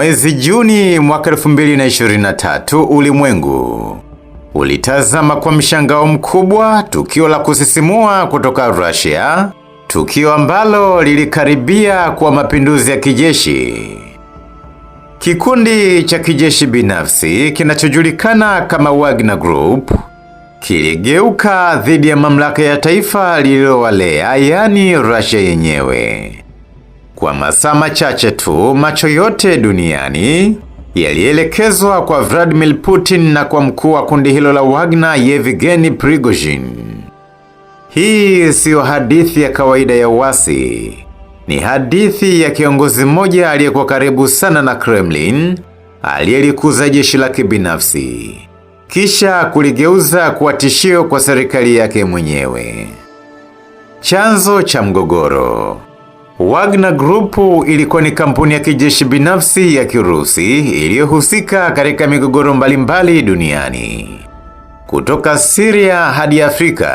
Mwezi Juni mwaka 2023, ulimwengu ulitazama kwa mshangao mkubwa tukio la kusisimua kutoka Russia, tukio ambalo lilikaribia kuwa mapinduzi ya kijeshi. Kikundi cha kijeshi binafsi kinachojulikana kama Wagner Group kiligeuka dhidi ya mamlaka ya taifa lililowalea, yaani Russia yenyewe. Kwa masaa machache tu, macho yote duniani yalielekezwa kwa Vladimir Putin na kwa mkuu wa kundi hilo la Wagner, Yevgeny Prigozhin. Hii siyo hadithi ya kawaida ya uasi. Ni hadithi ya kiongozi mmoja aliyekuwa karibu sana na Kremlin, aliyelikuza jeshi lake binafsi, kisha kuligeuza kuwa tishio kwa serikali yake mwenyewe. Chanzo cha mgogoro. Wagner Group ilikuwa ni kampuni ya kijeshi binafsi ya Kirusi iliyohusika katika migogoro mbalimbali duniani kutoka Syria hadi Afrika.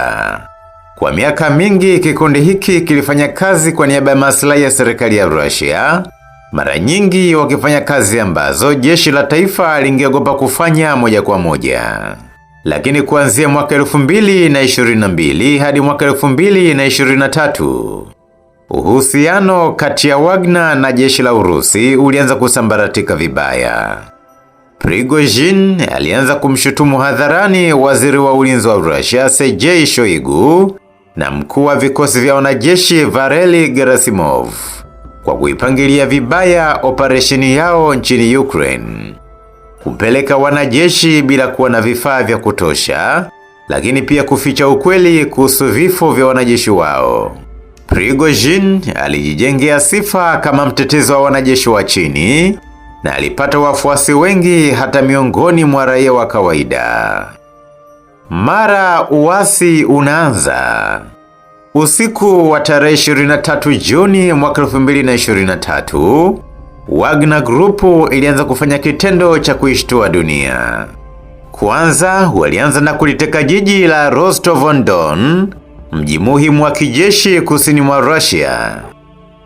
Kwa miaka mingi, kikundi hiki kilifanya kazi kwa niaba ya maslahi ya serikali ya Russia, mara nyingi wakifanya kazi ambazo jeshi la taifa lingeogopa kufanya moja kwa moja. Lakini kuanzia mwaka 2022 hadi mwaka 2023 Uhusiano kati ya Wagner na jeshi la Urusi ulianza kusambaratika vibaya. Prigozhin alianza kumshutumu hadharani waziri wa ulinzi wa Russia Sergei Shoigu na mkuu wa vikosi vya wanajeshi Vareli Gerasimov kwa kuipangilia vibaya operesheni yao nchini Ukraine, kupeleka wanajeshi bila kuwa na vifaa vya kutosha, lakini pia kuficha ukweli kuhusu vifo vya wanajeshi wao. Prigozhin alijijengea sifa kama mtetezi wa wanajeshi wa chini na alipata wafuasi wengi hata miongoni mwa raia wa kawaida. Mara uasi unaanza usiku wa tarehe 23 Juni mwaka 2023, Wagner Group ilianza kufanya kitendo cha kuishtua dunia. Kwanza walianza na kuliteka jiji la Rostov-on-Don mji muhimu wa kijeshi kusini mwa Russia,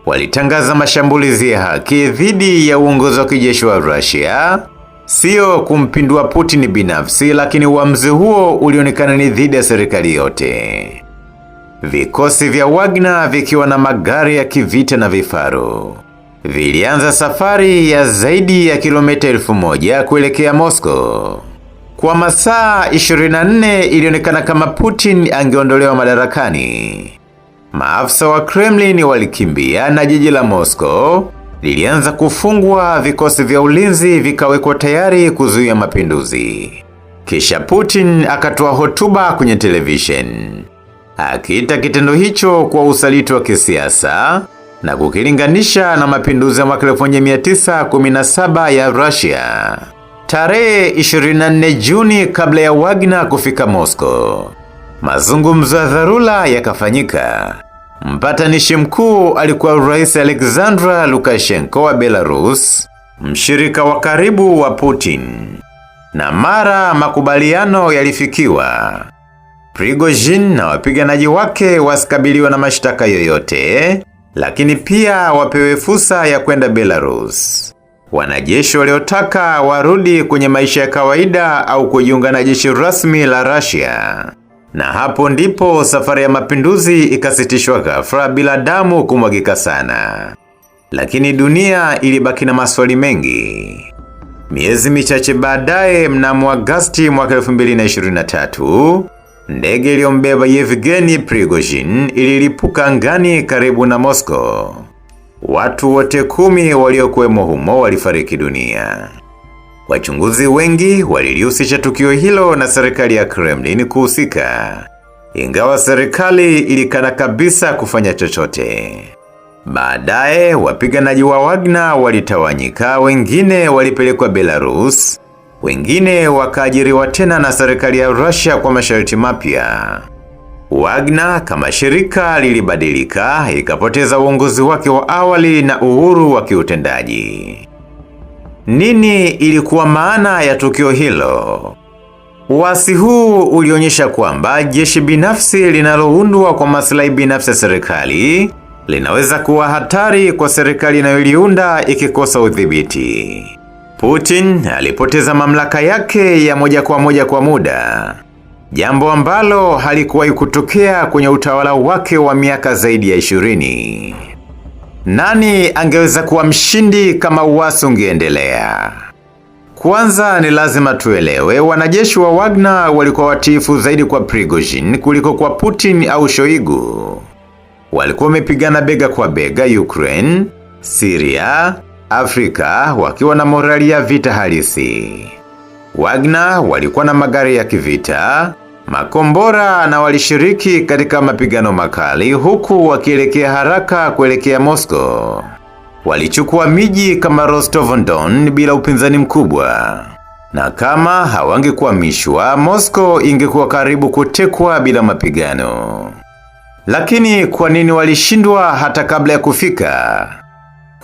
walitangaza mashambulizi ya haki dhidi ya uongozi wa kijeshi wa Russia, sio kumpindua Putin binafsi, lakini uamuzi huo ulionekana ni dhidi ya serikali yote. Vikosi vya Wagner vikiwa na magari ya kivita na vifaru vilianza safari ya zaidi ya kilomita elfu moja kuelekea Moscow. Kwa masaa 24 ilionekana kama Putin angeondolewa madarakani. Maafisa wa Kremlin walikimbia na jiji la Moscow lilianza kufungwa, vikosi vya ulinzi vikawekwa tayari kuzuia mapinduzi. Kisha Putin akatoa hotuba kwenye televisheni akiita kitendo hicho kwa usaliti wa kisiasa na kukilinganisha na mapinduzi ya mwaka 1917 ya Russia. Tarehe 24 Juni, kabla ya Wagner kufika Moscow, mazungumzo ya dharura yakafanyika. Mpatanishi mkuu alikuwa Rais Alexandra Lukashenko wa Belarus, mshirika wa karibu wa Putin, na mara makubaliano yalifikiwa, Prigozhin na wapiganaji wake wasikabiliwa na mashtaka yoyote, lakini pia wapewe fursa ya kwenda Belarus. Wanajeshi waliotaka warudi kwenye maisha ya kawaida au kujiunga na jeshi rasmi la Russia. Na hapo ndipo safari ya mapinduzi ikasitishwa ghafla bila damu kumwagika sana. Lakini dunia ilibaki na maswali mengi. Miezi michache baadaye, mnamo Agasti mwaka 2023, ndege iliyombeba Yevgeny Prigozhin ililipuka ngani karibu na Moscow. Watu wote kumi waliokuwemo humo walifariki dunia. Wachunguzi wengi walilihusisha tukio hilo na serikali ya Kremlin kuhusika, ingawa serikali ilikana kabisa kufanya chochote. Baadaye wapiganaji wa Wagner walitawanyika, wengine walipelekwa Belarus, wengine wakaajiriwa tena na serikali ya Russia kwa masharti mapya. Wagner kama shirika lilibadilika ikapoteza uongozi wake wa awali na uhuru wa kiutendaji. Nini ilikuwa maana ya tukio hilo? Uasi huu ulionyesha kwamba jeshi binafsi linaloundwa kwa maslahi binafsi ya serikali linaweza kuwa hatari kwa serikali inayoliunda ikikosa udhibiti. Putin alipoteza mamlaka yake ya moja kwa moja kwa muda jambo ambalo halikuwahi kutokea kwenye utawala wake wa miaka zaidi ya ishirini. Nani angeweza kuwa mshindi kama uasi ungeendelea? Kwanza ni lazima tuelewe, wanajeshi wa Wagner walikuwa watiifu zaidi kwa Prigozhin kuliko kwa Putin au Shoigu. Walikuwa wamepigana bega kwa bega Ukraine, Siria, Afrika wakiwa na morali ya vita halisi. Wagner walikuwa na magari ya kivita, makombora na walishiriki katika mapigano makali huku wakielekea haraka kuelekea Moscow. Walichukua miji kama Rostov-on-Don bila upinzani mkubwa. Na kama hawangekwamishwa, Moscow ingekuwa karibu kutekwa bila mapigano. Lakini kwa nini walishindwa hata kabla ya kufika?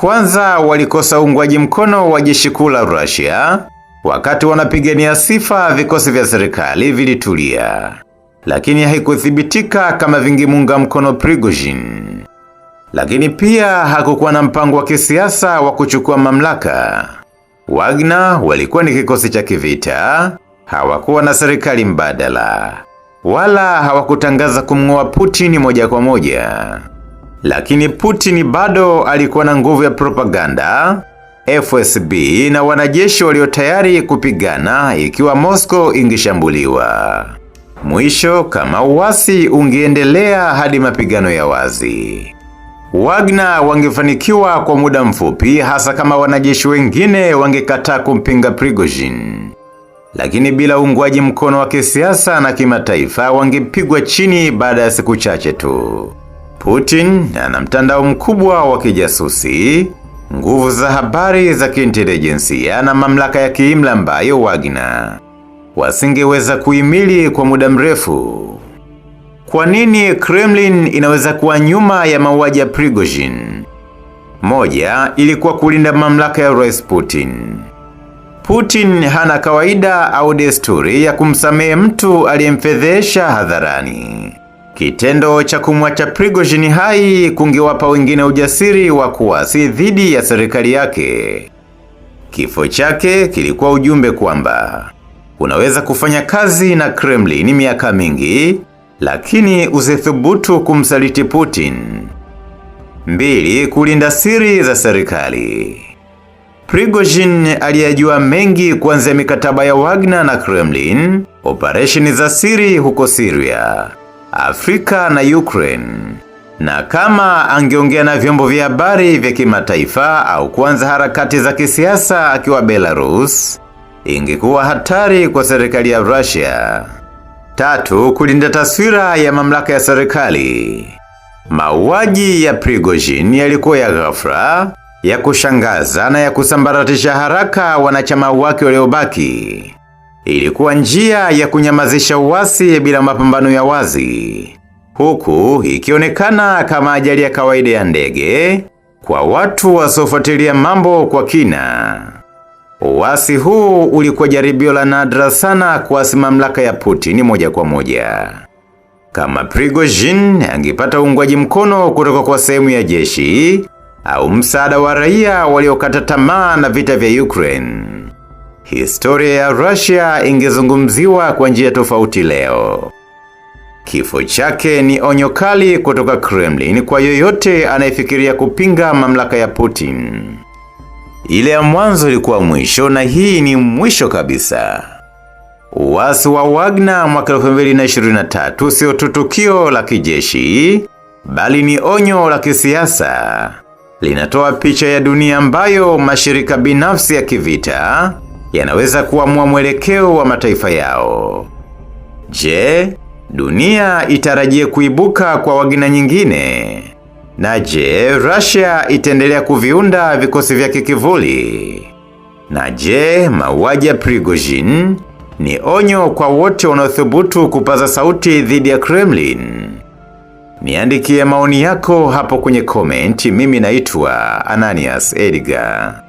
Kwanza walikosa uungwaji mkono wa jeshi kuu la Russia. Wakati wanapigania sifa, vikosi vya serikali vilitulia, lakini haikuthibitika kama vingimunga mkono Prigozhin. Lakini pia hakukuwa na mpango wa kisiasa wa kuchukua mamlaka. Wagner walikuwa ni kikosi cha kivita, hawakuwa na serikali mbadala, wala hawakutangaza kumng'oa Putin moja kwa moja. Lakini Putin bado alikuwa na nguvu ya propaganda FSB na wanajeshi walio tayari kupigana ikiwa Moscow ingeshambuliwa. Mwisho, kama uasi ungeendelea hadi mapigano ya wazi, Wagner wangefanikiwa kwa muda mfupi, hasa kama wanajeshi wengine wangekataa kumpinga Prigozhin, lakini bila uungwaji mkono wa kisiasa na kimataifa wangepigwa chini baada ya siku chache tu. Putin ana mtandao mkubwa wa kijasusi nguvu za habari za kiintelijensia na mamlaka ya kiimla ambayo Wagner wasingeweza kuhimili kwa muda mrefu. Kwa nini Kremlin inaweza kuwa nyuma ya mauaji ya Prigozhin? Moja, ilikuwa kulinda mamlaka ya Rais Putin. Putin hana kawaida au desturi ya kumsamehe mtu aliyemfedhesha hadharani. Kitendo cha kumwacha Prigozhin hai kungewapa wengine ujasiri wa kuasi dhidi ya serikali yake. Kifo chake kilikuwa ujumbe kwamba unaweza kufanya kazi na Kremlin miaka mingi, lakini usithubutu kumsaliti Putin. Mbili, kulinda siri za serikali. Prigozhin aliyajua mengi kuanzia mikataba ya Wagner na Kremlin, operesheni za siri huko Syria Afrika na Ukraine, na kama angeongea na vyombo vya habari vya kimataifa au kuanza harakati za kisiasa akiwa Belarus, ingekuwa hatari kwa serikali ya Russia. Tatu, kulinda taswira ya mamlaka ya serikali. Mauaji ya Prigozhin yalikuwa ya ghafla, ya kushangaza na ya kusambaratisha haraka wanachama wake waliobaki ilikuwa njia ya kunyamazisha uasi bila mapambano ya wazi, huku ikionekana kama ajali ya kawaida ya ndege kwa watu wasiofuatilia mambo kwa kina. Uasi huu ulikuwa jaribio la nadra sana kuasi mamlaka ya Putin moja kwa moja. Kama Prigozhin angepata uungwaji mkono kutoka kwa sehemu ya jeshi au msaada wa raia waliokata tamaa na vita vya Ukraine, historia ya Russia ingezungumziwa kwa njia tofauti leo. Kifo chake ni onyo kali kutoka Kremlin kwa yoyote anayefikiria kupinga mamlaka ya Putin. Ile ya mwanzo ilikuwa mwisho na hii ni mwisho kabisa. Uasi wa Wagner mwaka 2023 sio tu tukio la kijeshi, bali ni onyo la kisiasa. Linatoa picha ya dunia ambayo mashirika binafsi ya kivita yanaweza kuamua mwelekeo wa mataifa yao. Je, dunia itarajie kuibuka kwa wagina nyingine? Na je, Russia itaendelea kuviunda vikosi vyake kivuli? Na je, mauaji ya Prigozhin ni onyo kwa wote wanaothubutu kupaza sauti dhidi ya Kremlin? Niandikie maoni yako hapo kwenye komenti. Mimi naitwa Ananias Edgar.